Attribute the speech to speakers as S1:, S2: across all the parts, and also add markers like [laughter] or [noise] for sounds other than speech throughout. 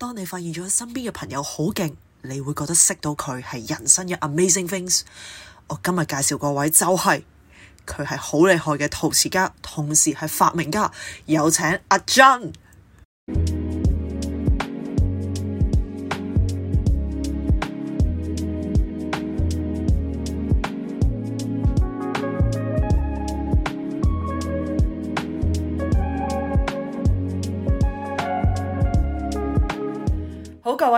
S1: 當你發現咗身邊嘅朋友好勁，你會覺得識到佢係人生嘅 amazing things。我今日介紹個位就係佢係好厲害嘅陶瓷家，同時係發明家。有請阿進。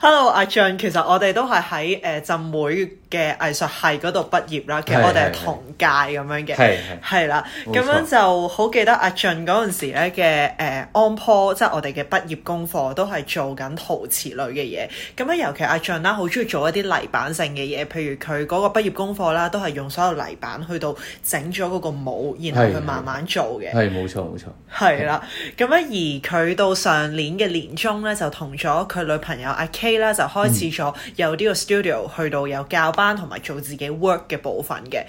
S1: Hello，阿進，其實我哋都係喺誒浸會嘅藝術系嗰度畢業啦。其實我哋係同屆咁樣嘅，係係啦。咁樣就好記得阿進嗰陣時咧嘅誒安坡，即係我哋嘅畢業功課都係做緊陶瓷類嘅嘢。咁咧，尤其阿進啦，好中意做一啲泥板性嘅嘢，譬如佢嗰個畢業功課啦，都係用所有泥板去到整咗嗰個模，然後去慢慢做嘅。係冇
S2: 錯冇錯。
S1: 係啦，咁咧而佢到上年嘅年終咧，就同咗佢女朋友。阿 K 啦就開始咗有呢個 studio、mm. 去到有教班同埋做自己 work 嘅部分嘅。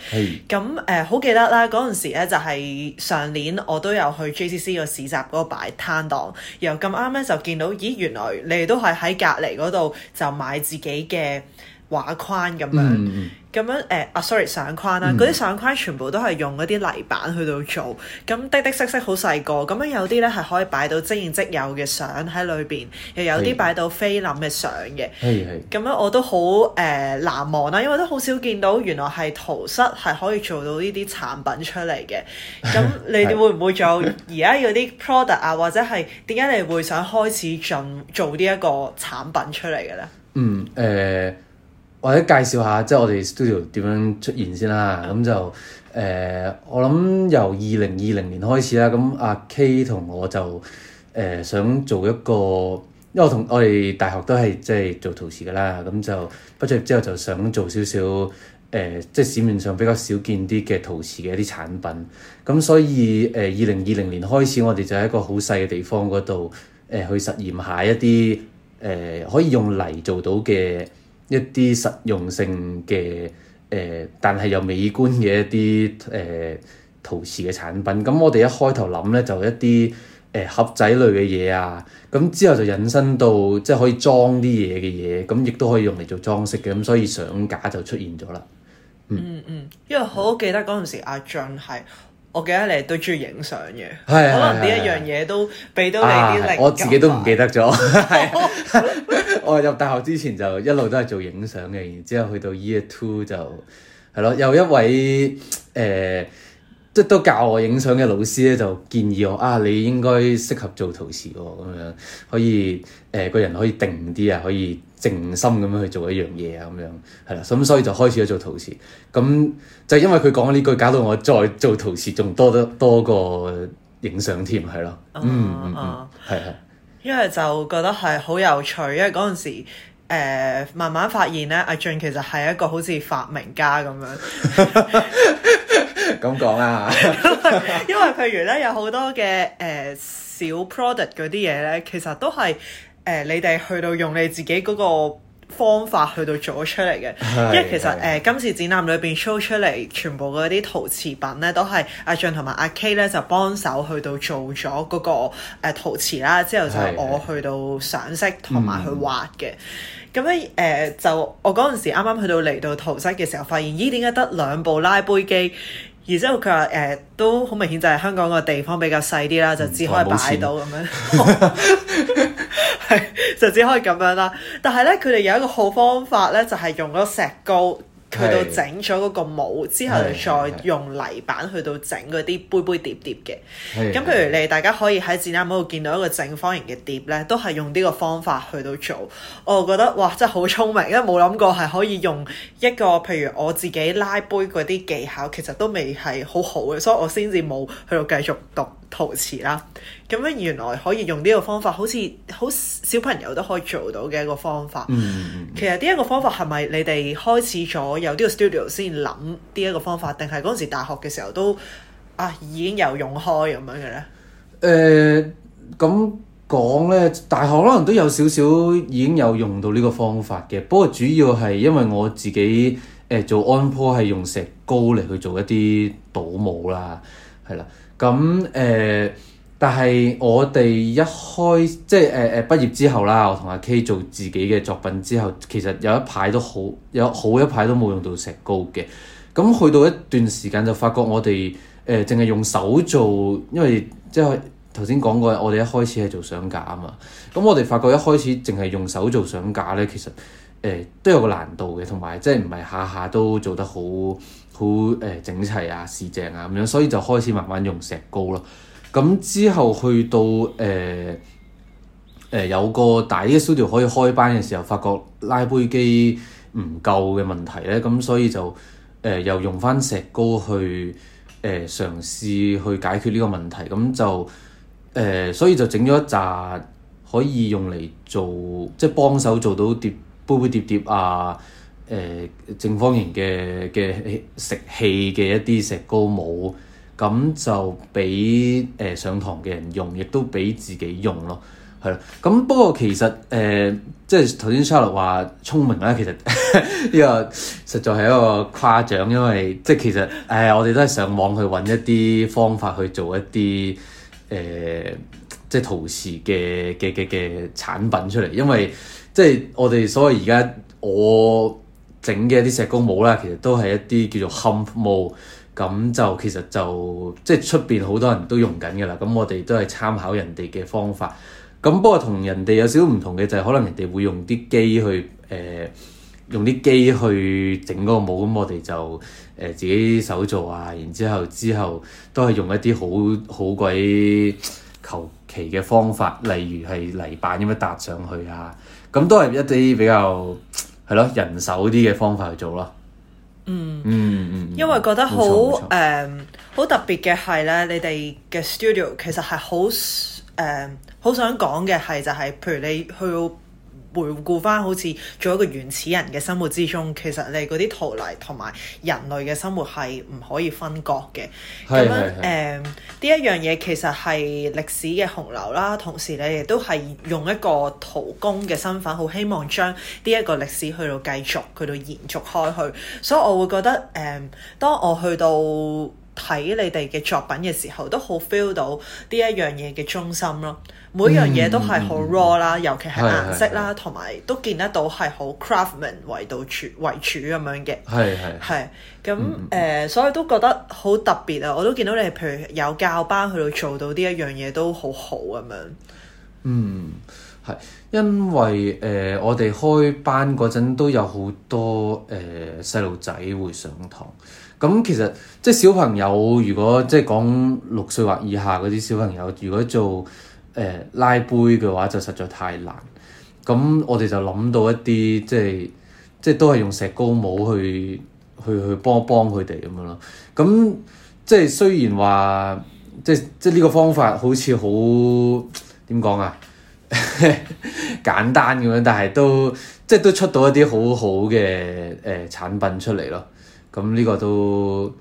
S1: 咁誒好記得啦，嗰陣時咧就係、是、上年我都有去 JCC 個市集嗰個擺攤檔，然後咁啱咧就見到，咦原來你哋都係喺隔離嗰度就賣自己嘅。畫框咁樣，咁、mm hmm. 樣誒，啊、uh, sorry 相框啦，嗰啲、mm hmm. 相框全部都係用嗰啲泥板去到做，咁滴滴色色好細個，咁樣有啲咧係可以擺到即影即有嘅相喺裏邊，又有啲擺到菲林嘅相嘅，係係、mm，咁、hmm. 樣我都好誒、uh, 難忘啦，因為都好少見到原來係陶瓷係可以做到呢啲產品出嚟嘅，咁你哋會唔會做而家有啲 product 啊， [laughs] 或者係點解你會想開始進做呢一個產品出嚟嘅咧？嗯
S2: 誒、mm。Hmm. Uh 或者介紹下，即、就、係、是、我哋 studio 點樣出現先啦。咁就誒、呃，我諗由二零二零年開始啦。咁阿 K 同我就誒、呃、想做一個，因為我同我哋大學都係即係做陶瓷噶啦。咁就畢咗業之後就想做少少誒，即、呃、係、就是、市面上比較少見啲嘅陶瓷嘅一啲產品。咁所以誒，二零二零年開始，我哋就喺一個好細嘅地方嗰度誒去實驗下一啲誒、呃、可以用泥做到嘅。一啲實用性嘅誒、呃，但係又美觀嘅一啲誒、呃、陶瓷嘅產品。咁我哋一開頭諗咧，就一啲誒、呃、盒仔類嘅嘢啊。咁之後就引申到即係可以裝啲嘢嘅嘢，咁亦都可以用嚟做裝飾嘅。咁所以相架就出現咗啦。嗯
S1: 嗯，嗯，因為好記得嗰陣時阿進係。我記得你係都中意影相嘅，是的 可能呢一樣嘢都俾到你啲靈感。我
S2: 自己都唔記得咗，係 [laughs] [laughs] 我入大學之前就一路都係做影相嘅，然之後去到 year two 就係咯，有一位誒。呃即都教我影相嘅老師咧，就建議我啊，你應該適合做陶瓷喎，咁樣可以誒、呃、個人可以定啲啊，可以靜心咁樣去做一樣嘢啊，咁樣係啦。咁所以就開始咗做陶瓷。咁就因為佢講呢句，搞到我再做陶瓷仲多得多過影相添，係咯。嗯嗯嗯，係
S1: 係、啊。啊、的因為就覺得係好有趣，因為嗰陣時、呃、慢慢發現咧，阿進其實係一個好似發明家咁樣。 [laughs]
S2: 咁
S1: 講啦，啊、 [laughs] 因為譬如咧，有好多嘅誒、呃、小 product 嗰啲嘢咧，其實都係誒、呃、你哋去到用你自己嗰個方法去到做出嚟嘅。是是因為其實誒是是、呃、今次展覽裏邊 show 出嚟全部嗰啲陶瓷品咧，都係阿進同埋阿 K 咧就幫手去到做咗嗰、那個、呃、陶瓷啦。之後就係我去到上色同埋去畫嘅。咁咧誒就我嗰陣時啱啱去到嚟到陶室嘅時候，發現咦，點解得兩部拉杯機？而且佢話誒都好明顯，就係香港個地方比較細啲啦，就只可以擺到咁樣，係就只可以咁樣啦。但係咧，佢哋有一個好方法咧，就係用嗰個石膏。
S2: 去到整
S1: 咗嗰個模之後，再用泥板去到整嗰啲杯杯碟碟嘅。咁 [noise] 譬如你大家可以喺展覽嗰度見到一個正方形嘅碟咧，都係用呢個方法去到做。我覺得哇，真係好聰明，因為冇諗過係可以用一個譬如我自己拉杯嗰啲技巧，其實都未係好好嘅，所以我先至冇去到繼續讀。陶瓷啦，咁樣原來可以用呢個方法，好似好小朋友都可以做到嘅一個方法。嗯、其實呢一個方法係咪你哋開始咗有呢個 studio 先諗呢一個方法，定係嗰陣時大學嘅時候都啊已經有用開咁樣嘅咧？
S2: 誒、呃，咁講咧，大學可能都有少少已經有用到呢個方法嘅，不過主要係因為我自己誒、呃、做安鋪係用石膏嚟去做一啲倒模啦，係啦。咁誒、呃，但係我哋一開即係誒誒畢業之後啦，我同阿 K 做自己嘅作品之後，其實有一排都好有好一排都冇用到石膏嘅。咁去到一段時間就發覺我哋誒淨係用手做，因為即係頭先講過，我哋一開始係做相架啊嘛。咁我哋發覺一開始淨係用手做相架咧，其實誒、呃、都有個難度嘅，同埋即係唔係下下都做得好。好誒整齊啊、試正啊咁樣，所以就開始慢慢用石膏咯。咁之後去到誒誒、呃呃、有個大嘅 studio 可以開班嘅時候，發覺拉杯機唔夠嘅問題咧，咁所以就誒、呃、又用翻石膏去誒、呃、嘗試去解決呢個問題，咁就誒、呃、所以就整咗一紮可以用嚟做，即係幫手做到碟杯杯碟碟啊。誒、呃、正方形嘅嘅食器嘅一啲石膏模，咁就俾誒、呃、上堂嘅人用，亦都俾自己用咯，係咯。咁不過其實誒、呃，即係頭先 Charles 話聰明啦，其實呢 [laughs] 個實在係一個誇獎，因為即係其實誒、呃，我哋都係上網去揾一啲方法去做一啲誒、呃，即係陶瓷嘅嘅嘅嘅產品出嚟，因為即係我哋所謂而家我。整嘅一啲石膏帽啦，其實都係一啲叫做 hump 帽，咁就其實就即係出邊好多人都用緊嘅啦。咁我哋都係參考人哋嘅方法，咁不過同人哋有少少唔同嘅就係、是、可能人哋會用啲機去誒、呃，用啲機去整個帽。咁我哋就誒、呃、自己手做啊，然之後之後都係用一啲好好鬼求其嘅方法，例如係泥板咁樣搭上去啊，咁都係一啲比較。係咯，人手啲嘅方法去做咯。嗯嗯嗯，嗯嗯因
S1: 為覺得好誒，好冇錯，um, 特別嘅係咧，冇錯你哋嘅 studio 其實係好誒，好、um, 想講嘅係就係譬如你去回顧翻好似做一個原始人嘅生活之中，其實你嗰啲陶泥同埋人類嘅生活係唔可以分割嘅。
S2: 咁樣誒，
S1: 呢一樣嘢其實係歷史嘅洪流啦，同時你亦都係用一個陶工嘅身份，好希望將呢一個歷史去到繼續去到延續開去。所以，我會覺得誒、嗯，當我去到，睇你哋嘅作品嘅時候，都好 feel 到呢一樣嘢嘅中心咯。每樣嘢都係好 raw 啦、嗯，尤其係顏色啦，同埋都見得到係好 craftman 為主咁樣嘅。係係係咁誒，所以都覺得好特別啊！我都見到你譬如有教班去到做到呢一樣嘢都好好咁樣。
S2: 嗯，係因為誒、呃，我哋開班嗰陣都有好多誒細路仔會上堂。咁其實即係、就是、小朋友，如果即係講六歲或以下嗰啲小朋友，如果做誒、呃、拉杯嘅話，就實在太難。咁我哋就諗到一啲即係即係都係用石膏模去去去幫幫佢哋咁樣咯。咁即係雖然話即即係呢個方法好似好點講啊，簡單咁樣，但係都即係都出到一啲好好嘅誒產品出嚟咯。咁呢個都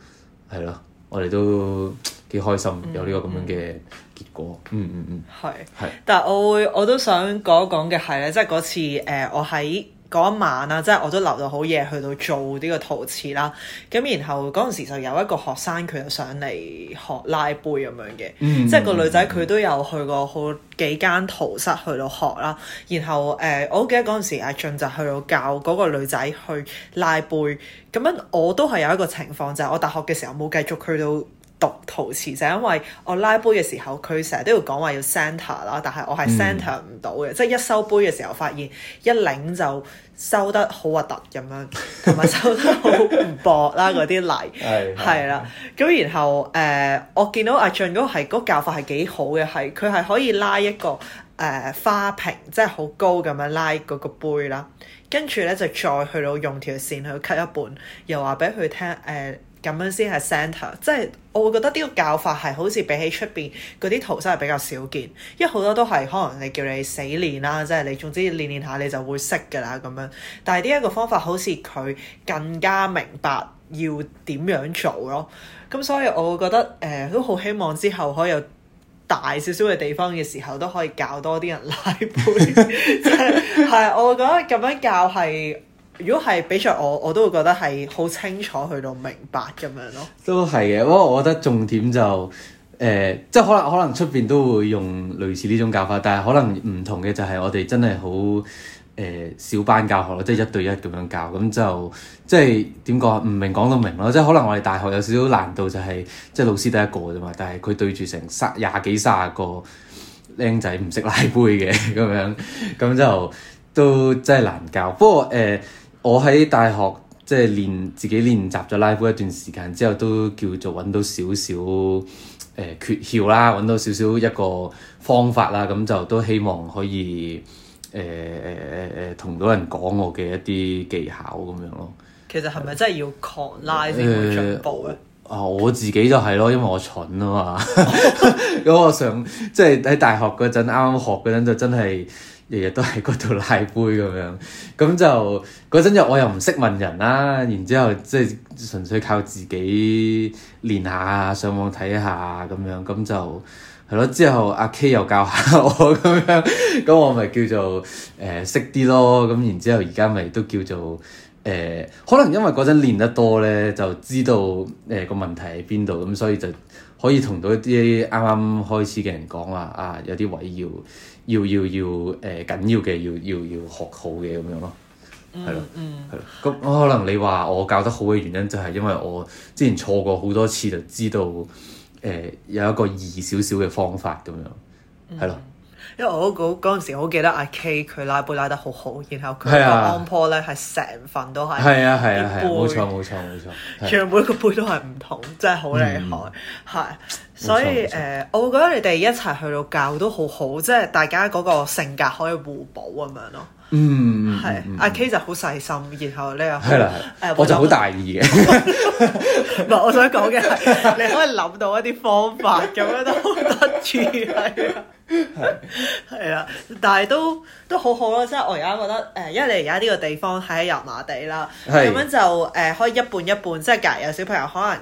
S2: 係咯，我哋都幾開心，嗯嗯有呢個咁樣嘅結果。嗯嗯嗯，係係係，嘅
S1: 但係我會我都想講一講嘅係咧，即係嗰次誒、呃、我喺。嗰一晚啦，即、就、係、是、我都留到好夜去到做呢個陶瓷啦。咁然後嗰陣時就有一個學生佢就上嚟學拉坯咁樣嘅，嗯、即係個女仔佢、嗯、都有去過好幾間陶室去到學啦。然後誒、呃，我記得嗰陣時阿進就去到教嗰個女仔去拉坯。咁樣我都係有一個情況就係、是、我大學嘅時候冇繼續去到讀陶瓷就係因為我拉杯嘅時候，佢成日都要講話要 centre e 啦，但係我係 center 唔到嘅，即係一收杯嘅時候發現一擰就收得好核突咁樣，同埋 [laughs] 收得好唔薄啦，嗰啲泥係啦。咁然後誒、呃，我見到阿進嗰個係嗰、嗰個、教法係幾好嘅，係佢係可以拉一個誒、呃、花瓶，即係好高咁樣拉嗰個杯啦，跟住咧就再去到用條線去 cut 一半，又話俾佢聽誒。呃咁樣先係 center，即係我會覺得呢個教法係好似比起出邊嗰啲圖生係比較少見，因為好多都係可能係叫你死練啦，即係你總之練練下你就會識㗎啦咁樣。但係呢一個方法好似佢更加明白要點樣做咯，咁所以我會覺得誒、呃、都好希望之後可以有大少少嘅地方嘅時候都可以教多啲人拉杯，即係我覺得咁樣教係。如果係比着我，我都會
S2: 覺得係好清楚去到明白咁樣咯。都係嘅，不過我覺得重點就誒、呃，即係可能可能出邊都會用類似呢種教法，但係可能唔同嘅就係我哋真係好誒小班教學咯，即係一對一咁樣教，咁就即係點講？唔明講到明咯，即係可能我哋大學有少少難度，就係即係老師得一個啫嘛，但係佢對住成廿幾卅個僆仔唔識拉杯嘅咁樣，咁就都真係難教。不過誒。呃我喺大學即係練自己練習咗拉 i 一段時間之後，都叫做揾到少少誒、呃、缺綫啦，揾到少少一個方法啦，咁就都希望可以誒誒誒誒同到人講我嘅一啲技巧咁樣咯。
S1: 其實係咪真係要狂拉先
S2: 會進步咧？啊、呃，我自己就係咯，因為我蠢啊嘛。咁 [laughs] [laughs] 我上即係喺大學嗰陣啱啱學嗰陣就真係。日日都喺嗰度拉杯咁樣，咁就嗰陣又我又唔識問人啦、啊，然之後即係純粹靠自己練下，上網睇下咁樣，咁就係咯。之後阿 K 又教下我咁樣，咁我咪叫做誒識啲咯。咁然之後而家咪都叫做誒、呃，可能因為嗰陣練得多咧，就知道誒、呃、個問題喺邊度，咁所以就可以同到一啲啱啱開始嘅人講話啊，啊，有啲位要。要要、呃、要誒緊要嘅，要要要學好嘅咁樣咯，係咯，係咯。咁我可能你話我教得好嘅原因，就係因為我之前錯過好多次，就知道誒、呃、有一個易少少嘅方法咁樣，
S1: 係咯、嗯。的因為我嗰嗰陣時，我好記得阿 K 佢拉杯拉得好好，然後佢個 on 坡咧係成份都係的，係啊係啊係，冇錯冇錯冇錯，錯全部每個杯都係唔同，真係好厲害，係、嗯。 [laughs] 所以誒、呃，我會覺得你哋一齊去到教都好好，即、就、係、是、大家嗰個性格可以互補咁樣咯。嗯，
S2: 係是。嗯、阿 K
S1: 就好細心，然後你又係啦，嗯呃、我就好大意嘅。唔係，我想講嘅係你可以諗到一啲方法咁樣都好得意係。係係啊，但係都都好好咯。即、就、係、是、我而家覺得、呃、因為你而家呢個地方喺油麻地啦，咁是的 樣就誒、呃、可以一半一半，即係隔日有小朋友可能。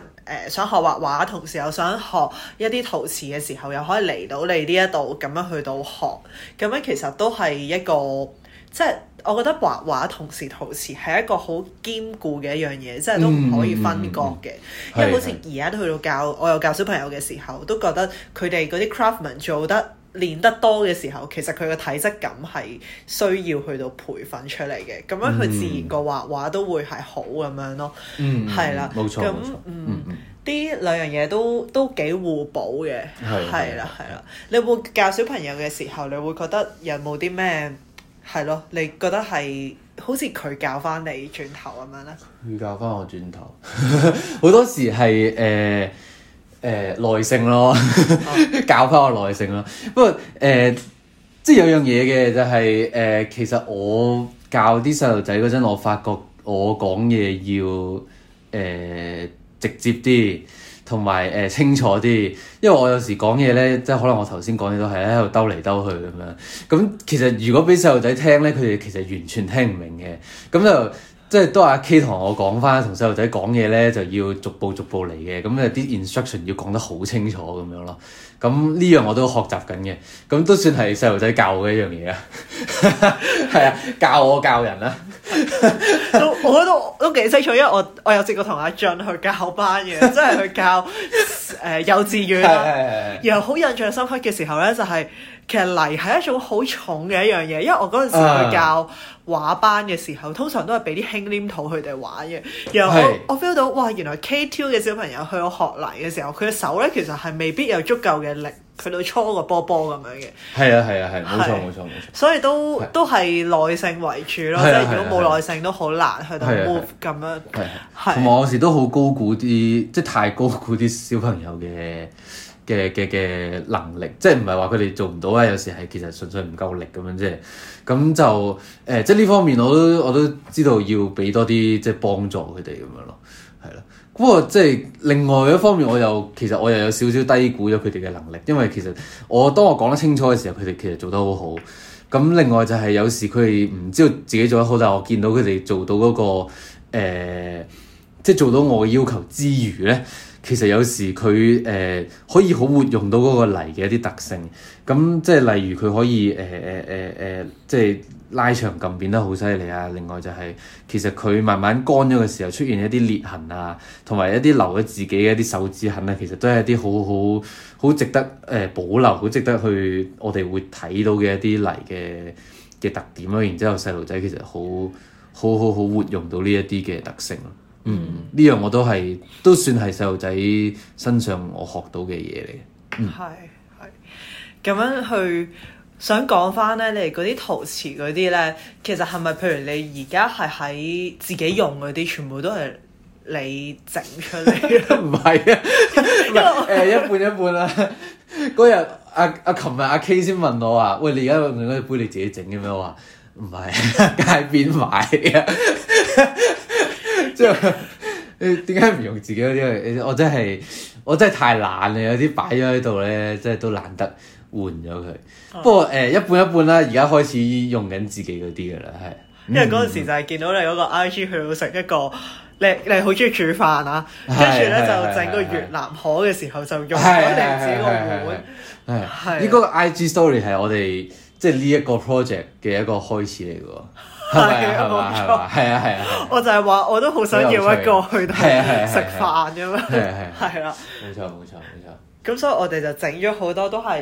S1: 誒想學畫畫，同時又想學一啲陶瓷嘅時候，又可以嚟到你呢一度咁樣去到學，咁樣其實都係一個即係，我覺得畫畫同時陶瓷係一個好堅固嘅一樣嘢，嗯、即係都唔可以分割嘅，嗯、因為好似而家都去到教我有教小朋友嘅時候，都覺得佢哋嗰啲 craftman 做得。練得多嘅時候，其實佢個體質感係需要去到培訓出嚟嘅，嗯，咁樣佢自然個畫畫都會係好咁樣咯。嗯，係啦，冇錯，咁嗯，啲兩樣嘢都都幾互補嘅，係啦，係啦。你會教小朋友嘅時候，你會覺得有冇啲咩係咯？你覺得係好似佢教翻你轉頭咁
S2: 樣咧？教翻我轉頭，好 [laughs] 多時係誒。呃誒、呃、耐性咯，教 [laughs] 翻我耐性咯。嗯、不過誒、呃，即係有樣嘢嘅就係、是、誒、呃，其實我教啲細路仔嗰陣，我發覺我講嘢要誒、呃、直接啲，同埋誒清楚啲。因為我有時講嘢咧，嗯、即係可能我頭先講嘢都係喺度兜嚟兜去咁樣。咁其實如果俾細路仔聽咧，佢哋其實完全聽唔明嘅。咁就～即係都係阿 K 同我講翻，同細路仔講嘢咧，就要逐步逐步嚟嘅。咁咧啲 instruction 要講得好清楚咁樣咯。咁呢樣我都學習緊嘅。咁都算係細路仔教嘅一樣嘢啊。 [laughs] 係啊， [laughs] 教我教人啦、
S1: 啊， [laughs] 我覺得都幾清楚。因為我我有試過同阿進去教班嘅，即係去教誒、呃、幼稚園啦。 [laughs] 然後好印象深刻嘅時候咧，就係、是、其實泥係一種好重嘅一樣嘢，因為我嗰陣時去教畫班嘅時候，uh，通常都係俾啲輕黏土佢哋玩嘅。然後我是我 feel 到，哇，原來 K2 嘅小朋友去學泥嘅時候，佢嘅手咧其實係未必有足夠嘅力。
S2: 去到初個波波咁樣嘅，係啊係啊係，冇錯冇錯冇
S1: 錯。所以都都係耐性為主咯，即係如果冇耐性都好難去到 move 咁樣。係係，
S2: 同埋有時都好高估啲，即係太高估啲小朋友嘅嘅嘅嘅能力，即係唔係話佢哋做唔到啊，有時係其實純粹唔夠力咁樣啫。咁就誒，即係呢方面我都我都知道要俾多啲即係幫助佢哋咁樣咯。不過、即係，即係另外一方面，我又其實我又有少少低估咗佢哋嘅能力，因為其實我當我講得清楚嘅時候，佢哋其實做得好好。咁另外就係有時佢哋唔知道自己做得好，但我見到佢哋做到嗰、嗰個即係、呃即係、做到我嘅要求之餘呢，其實有時佢誒、呃、可以好活用到嗰個泥嘅一啲特性。咁即係例如佢可以誒誒誒即係。呃呃呃呃即係拉長咁變得好犀利啊！另外就係、是、其實佢慢慢乾咗嘅時候，出現一啲裂痕啊，同埋一啲留咗自己嘅一啲手指痕啊，其實都係一啲好好好值得誒、呃、保留、好值得去我哋會睇到嘅一啲泥嘅嘅特點咯、啊。然之後細路仔其實好好好好活用到呢一啲嘅特性、啊、嗯、呢、mm. 樣我都係都算係細路仔身上我學到嘅嘢嚟嘅。嗯，
S1: 係係
S2: 咁樣去。想講翻咧，
S1: 你嗰啲陶瓷嗰啲咧，其實係咪譬如你而家係喺自己用嗰啲，全部都係你整出嚟？
S2: 唔係 [laughs] 啊，唔，誒一半一半啦、啊。嗰日阿阿琴日阿 K 先問我話：喂，你而家用嗰啲杯你自己整嘅咩？我話唔係，街邊買嘅。即 [laughs] 係 [laughs] [laughs] [laughs] [laughs] [laughs] [laughs] 你點解唔用自己嗰啲？我真係我真係太懶啦！有啲擺咗喺度咧，真係都懶得。換咗佢，不過誒一半一半啦，而家開始用緊自己嗰啲嘅啦，係。因為嗰陣時就係見到你嗰個 I G 去到食一個，
S1: 你你好中意煮飯啊，跟住咧就整個越南河嘅時候就用咗自
S2: 己個碗。係。依個 I G story 係我哋即係呢一個 project 嘅一個開始嚟㗎喎。係，冇錯。係啊，係
S1: 啊。我就係話我都好想要一個去到食飯咁樣。係係係。係啊。冇錯，冇錯，冇錯。咁所以我，我哋就整咗好多，都係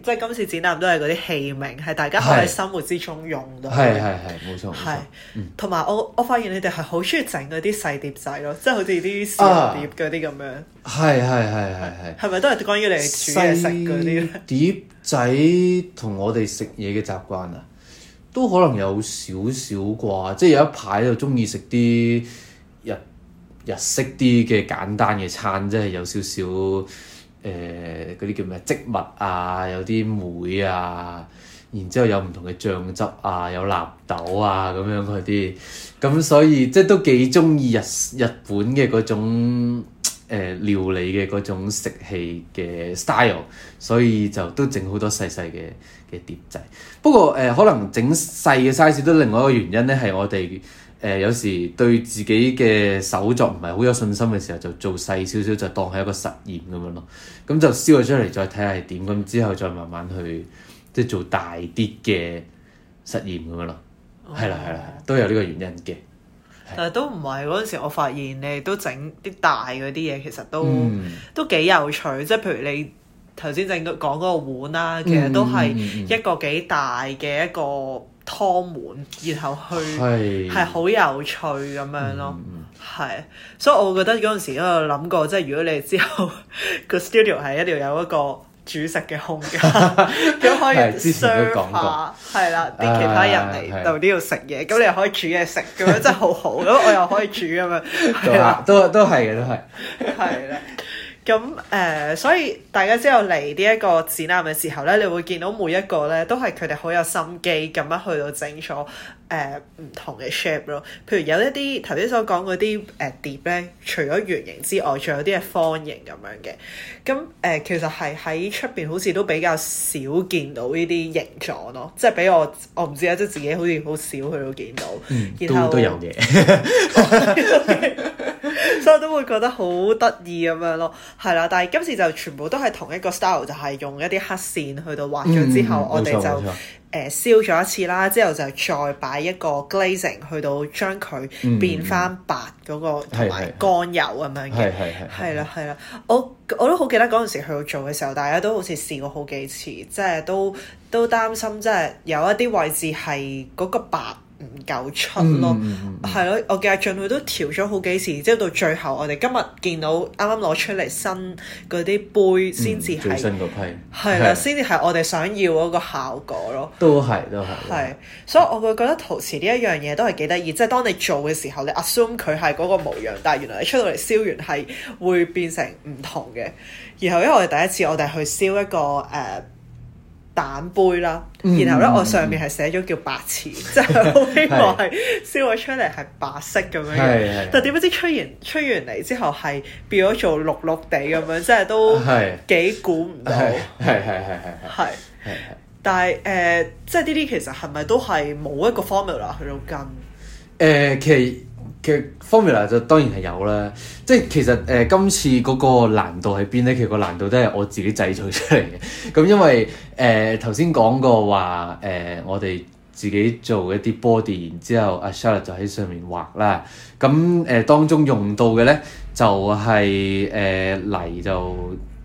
S1: 即係今次展覽都係嗰啲器皿，係是大家可喺生活之中用到。係係係冇錯。係同埋，我我發現你哋係好中意整嗰啲細碟仔咯，即係好似啲
S2: 小碟嗰啲咁樣。係係係係係
S1: 係咪都係關於你哋煮嘢
S2: 食嗰啲碟仔？同我哋食嘢嘅習慣啊， [laughs] 都可能有少少啩。即係有一排就中意食啲日日式啲嘅簡單嘅餐，即係有少少。誒嗰啲叫咩植物啊，有啲梅啊，然之後有唔同嘅醬汁啊，有納豆啊咁樣嗰啲，咁所以即係都幾中意日日本嘅嗰種、呃、料理嘅嗰種食器嘅 style，所以就都整好多細細嘅嘅碟仔。不過誒、呃，可能整細嘅 size 都另外一個原因咧，係我哋。誒、呃、有時對自己嘅手作唔係好有信心嘅時候，就做細少少，就當係一個實驗咁樣咯。咁就燒咗出嚟，再睇下係點。咁之後再慢慢去即係做大啲嘅實驗咁樣咯。係、嗯、啦，係啦，啦，都有呢個原因嘅。
S1: 但係都唔係嗰陣時，我發現你都整啲大嗰啲嘢，其實都、嗯、都幾有趣。即係譬如你頭先整講嗰個碗啦，其實都係一個幾大嘅一個，湯碗，然後去係係好有趣咁樣咯，係，所以我覺得嗰陣時都有諗過，即係如果你之後個 studio 係一定要有一個煮食嘅空間，咁可以 serve 下係
S2: 啦，啲其他人嚟到
S1: 呢度食嘢，咁你又可以煮嘢食，咁樣真係好好，咁我又可以煮咁樣。
S2: 係啦，都都係嘅，都係。係
S1: 啦。咁誒、呃，所以大家之後嚟呢一個展覽嘅時候咧，你會見到每一個咧都係佢哋好有心機咁樣去到整咗誒唔同嘅 shape 咯。譬如有一啲頭先所講嗰啲誒碟咧，除咗圓形之外，仲有啲係方形咁樣嘅。咁誒、呃，其實係喺出邊好似都比較少見到呢啲形狀咯，即係俾我我唔知啊，即係自己好似好少去到見到。嗯、然後都都有嘅。 [laughs] [laughs] [laughs] [laughs] 所以都會覺得好得意咁樣咯，係啦。但係今次就全部都係同一個 style，就係用一啲黑線去到畫咗之後，嗯、我哋就誒、嗯嗯、燒咗一次啦。之後就再擺一個 glazing 去到將佢變翻白嗰、那個同埋、嗯、乾油咁樣嘅。係係係。係啦係啦，我我都好記得嗰陣時去到做嘅時候，大家都好似試過好幾次，即、就、係、是、都都擔心，即係有一啲位置係嗰個白。夠出咯，係咯，我記得阿進佢都調咗好幾次，即係到最後我哋今日見到啱啱攞出嚟新嗰啲杯，先至係最新嗰批，
S2: 係啦的，先
S1: 至係我哋想要嗰個效果咯。
S2: 都係，都係，係，
S1: 所以我會覺得陶瓷呢一樣嘢都係幾得意，即係當你做嘅時候，你 assume 佢係嗰個模樣，但係原來你出到嚟燒完係會變成唔同嘅。然後因為我哋第一次，我哋去燒一個誒。Uh, 蛋杯啦，然後咧我上面係寫咗叫白瓷，即係好希望係燒咗出嚟係白色咁樣，但點不知吹完吹完嚟之後係變咗做綠綠地咁樣，即係都幾估唔到。
S2: 係係係係係。係，
S1: 但係誒，即係呢啲其實係咪都係冇一個 formula 去到跟？
S2: 誒，其。嘅 formula 就當然係有啦，即係其實誒、呃、今次嗰個難度喺邊咧？其實個難度都係我自己製造出嚟嘅。咁 [laughs] 因為誒頭先講過話誒、呃，我哋自己做一啲 body，然之後阿 Charlotte 就喺上面畫啦。咁誒、呃、當中用到嘅咧就係、是、誒、呃、泥就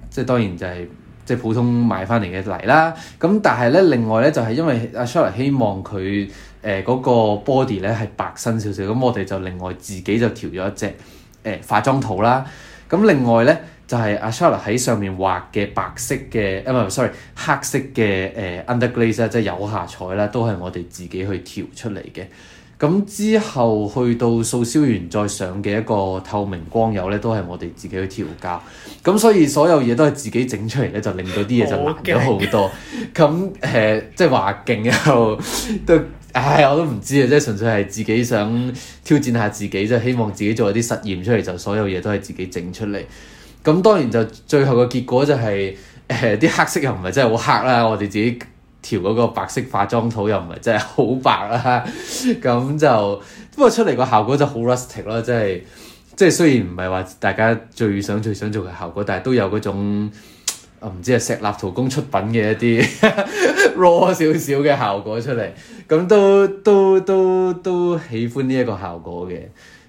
S2: 即係當然就係、是、即係普通買翻嚟嘅泥啦。咁但係咧另外咧就係、是、因為阿 Charlotte 希望佢。誒嗰、呃那個 body 咧係白身少少，咁、嗯、我哋就另外自己就調咗一隻誒、呃、化妝套啦。咁、嗯、另外咧就係、是、阿 Charles 喺上面畫嘅白色嘅，唔係 sorry 黑色嘅誒、呃、underglaze 即係釉下彩啦，都係我哋自己去調出嚟嘅。咁、嗯、之後去到素燒完再上嘅一個透明光油咧，都係我哋自己去調校。咁、嗯、所以所有嘢都係自己整出嚟咧，就令到啲嘢就難咗好多。咁誒、 [laughs] 呃、即係話勁又都～ [laughs] [laughs] 唉，我都唔知啊，即係純粹係自己想挑戰下自己即係，希望自己做一啲實驗出嚟，就所有嘢都係自己整出嚟。咁當然就最後嘅結果就係、是，誒、呃、啲黑色又唔係真係好黑啦，我哋自己調嗰個白色化妝土又唔係真係好白啦。咁就不過出嚟個效果就好 rustic 啦，即係即係雖然唔係話大家最想最想做嘅效果，但係都有嗰種。唔知啊，石立陶工出品嘅一啲 raw 少少嘅效果出嚟，咁都都都都喜歡呢一個效果嘅，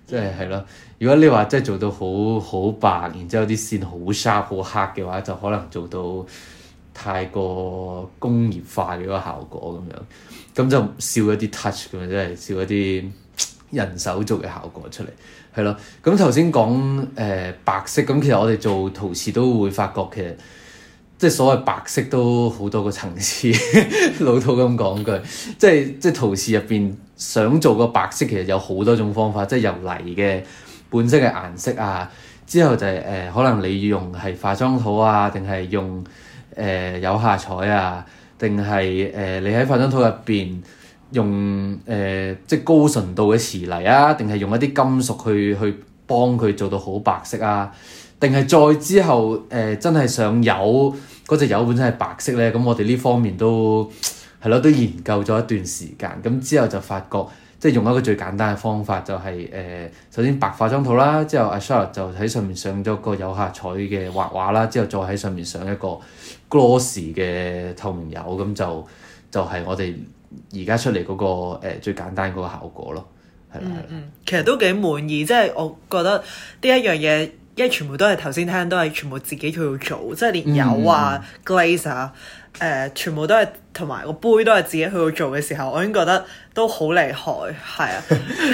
S2: 即係係咯。如果你話真係做到好好白，然之後啲線好 sharp 好黑嘅話，就可能做到太過工業化嘅一個效果咁樣，咁就少一啲 touch 咁啊，即係少一啲人手做嘅效果出嚟，係咯。咁頭先講誒白色，咁其實我哋做陶瓷都會發覺其實。即係所謂白色都好多個層次， [laughs] 老土咁講句，即係即係陶瓷入邊想做個白色，其實有好多種方法，即係由泥嘅本色嘅顏色啊，之後就係、是、誒、呃、可能你要用係化妝土啊，定係用誒、呃、有下彩啊，定係誒你喺化妝土入邊用誒、呃、即係高純度嘅瓷泥啊，定係用一啲金屬去去幫佢做到好白色啊，定係再之後誒、呃、真係想有。嗰隻油本身係白色咧，咁我哋呢方面都係咯，都研究咗一段時間。咁之後就發覺，即係用一個最簡單嘅方法、就是，就係誒，首先白化妝套啦，之後阿 s h a r l 就喺上面上咗個有下彩嘅畫畫啦，之後再喺上面上一個 gloss 嘅透明油，咁就就係、是、我哋而家出嚟嗰、那個、呃、最簡單嗰個效果咯，係啦，係啦、嗯。嗯、的其實都幾滿意，即、
S1: 就、係、是、我覺得呢一樣嘢。因為全部都係頭先聽，都係全部自己去做，即係連釉啊、嗯、glaze 啊、呃、全部都係同埋個杯都係自己去到做嘅時候，我已經覺得都好厲害，係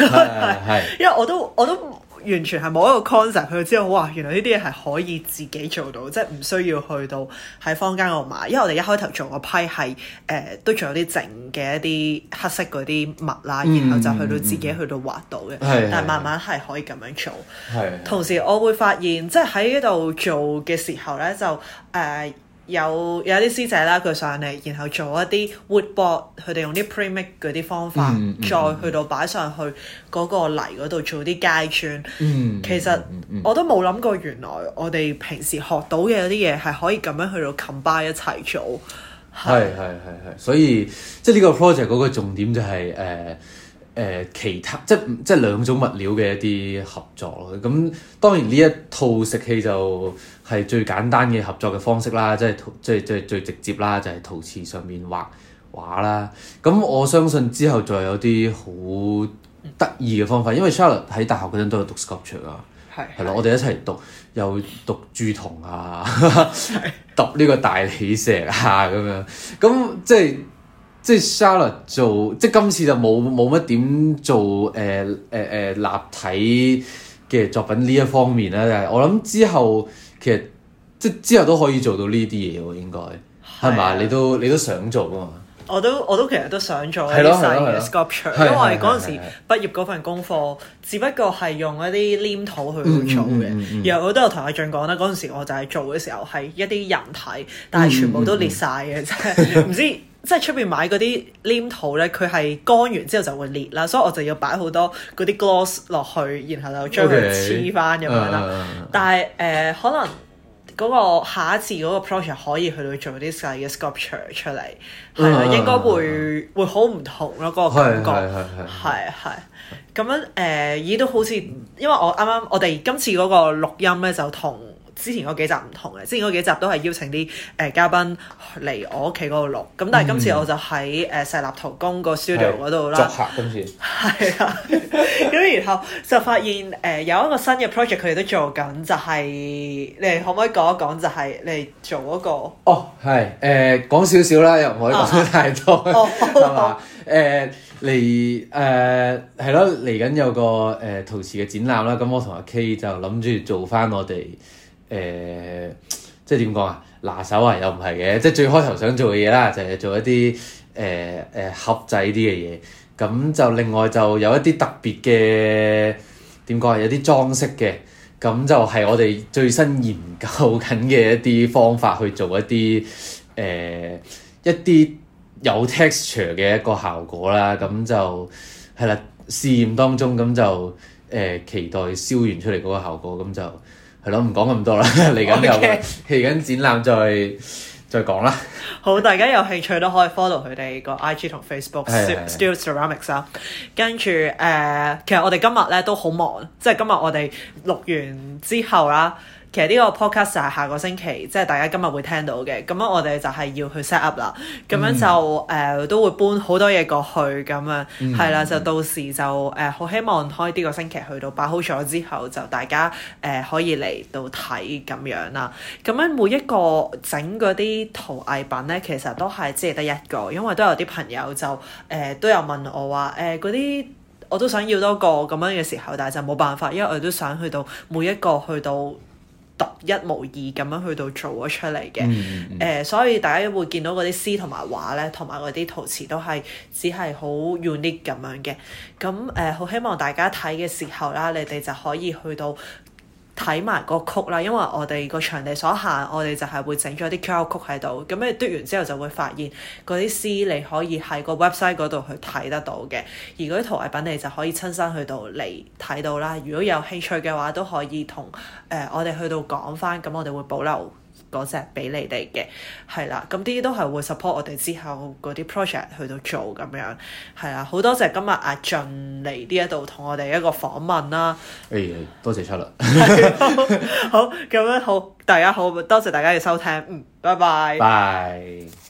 S1: 啊，因為我都我都。完全係冇一個 concept，佢知道哇，原來呢啲嘢係可以自己做到，即係唔需要去到喺坊間度買。因為我哋一開頭做嗰批係誒、呃、都仲有啲淨嘅一啲黑色嗰啲物啦，嗯、然後就去到自己去到畫到嘅，嗯嗯、但係慢慢係可以咁樣做。嗯嗯、同時我會發現即係喺呢度做嘅時候呢，就誒。呃有有啲師仔啦，佢上嚟，然後做一啲活博，佢哋用啲 premake 嗰啲方法，嗯嗯、再去到擺上去嗰個泥嗰度做啲階磚。嗯、其實、嗯嗯、我都冇諗過，原來我哋平時學到嘅啲嘢係可以咁樣去到 combine 一齊做。係係係係，
S2: 所以即係呢個 project 嗰個重點就係、是、誒。呃誒、呃、其他即即兩種物料嘅一啲合作咯，咁當然呢一套食器就係最簡單嘅合作嘅方式啦，即係即即最直接啦，就係、是、陶瓷上面畫畫啦。咁我相信之後仲有啲好得意嘅方法，因為 Charlotte 喺大學嗰陣都有讀 sculpture 的啊，係係咯，我哋一齊讀又讀鑄銅啊，揼呢個大理石啊咁樣，咁即係。即係 Sarah 做，即係今次就冇冇乜點做誒誒誒立體嘅作品呢一方面啦。我諗之後其實即係之後都可以做到呢啲嘢喎，應該係咪你都你都想做噶嘛？
S1: 我都我都其實都想做啲新嘅 sculpture，因為嗰陣時畢業嗰份功課，şey mm hmm. 只不過係用一啲黏土去做嘅。然後我都有同阿俊講啦，嗰陣時我就係做嘅時候係一啲人體，但係全部都裂晒嘅，真係唔知。Hmm. 即係出邊買啲黏土咧，佢係乾完之後就會裂啦，所以我就要擺好多啲 gloss 落去，然後就將佢黐翻咁樣啦。Okay. Uh huh. 但係誒、呃、可能個下一次個 project 可以去到做啲細嘅 sculpture 出嚟，係啊、uh huh. 應該會會好唔同咯，個感覺係係係係咁樣誒，咦都好似，因為我啱啱我哋今次個錄音咧就同之前嗰幾集唔同嘅，之前嗰幾集都係邀請啲誒、呃、嘉賓嚟我屋企嗰度錄，咁但係今次我就喺誒、呃、石立陶工個 studio 嗰度啦。作客今次。係啦，咁 [laughs] 然後就發現誒、呃、有一個新嘅 project，佢哋都做緊，就係、是、你哋可唔可以講一講？就係、是、你哋做嗰
S2: 個。哦，係誒， [laughs] 講少少啦，又唔可以講太多，係、呃、嘛？嚟誒係咯，嚟緊有個誒、呃、陶瓷嘅展覽啦，咁我同阿 K 就諗住做翻我哋。誒、呃，即係點講啊？拿手啊，又唔係嘅。即係最開頭想做嘅嘢啦，就係、是、做一啲誒誒盒仔啲嘅嘢。咁就另外就有一啲特別嘅，點講啊？有啲裝飾嘅。咁就係我哋最新研究緊嘅一啲方法去做一啲誒、呃、一啲有 texture 嘅一個效果啦。咁就係啦，試驗當中咁就誒、呃、期待燒完出嚟嗰個效果咁就。係咯，唔講咁多啦，嚟緊又嚟緊 Okay. 展覽再再講啦。
S1: 好，大家有興趣都可以 follow 佢哋個 IG 同 Facebook Still Ceramics。跟住誒、呃，其實我哋今日咧都好忙，即係今日我哋錄完之後啦。其實呢個 podcast 就係下個星期，即係大家今日會聽到嘅。咁樣我哋就係要去 set up 啦。咁樣就誒、mm. 呃、都會搬好多嘢過去咁樣，係、mm. 啦。就到時就誒好、呃、希望開呢個星期去到擺好咗之後，就大家誒、呃、可以嚟到睇咁樣啦。咁樣每一個整嗰啲陶藝品咧，其實都係只係得一個，因為都有啲朋友就誒、呃、都有問我話誒嗰啲我都想要多個咁樣嘅時候，但係就冇辦法，因為我都想去到每一個去到。獨一無二咁樣去到做咗出嚟嘅，誒、mm hmm. 呃，所以大家會見到嗰啲詩同埋畫咧，同埋嗰啲陶瓷都係只係好 unique 咁樣嘅，咁誒，好、呃、希望大家睇嘅時候啦，你哋就可以去到。睇埋個曲啦，因為我哋個場地所限，我哋就係會整咗啲曲喺度。咁你嘟完之後就會發現嗰啲詩你可以喺個 website 嗰度去睇得到嘅，而嗰啲陶藝品你就可以親身去到嚟睇到啦。如果有興趣嘅話，都可以同誒、呃、我哋去到講翻，咁我哋會保留。嗰隻俾你哋嘅，係啦，咁啲都係會 support 我哋之後嗰啲 project 去到做咁樣，係啦，好多謝今日阿進嚟呢一度同我哋一個訪問啦。
S2: 誒、欸，多謝出啦 [laughs] 。
S1: 好，咁樣好，大家好多謝大家嘅收聽。嗯，拜拜。
S2: Bye。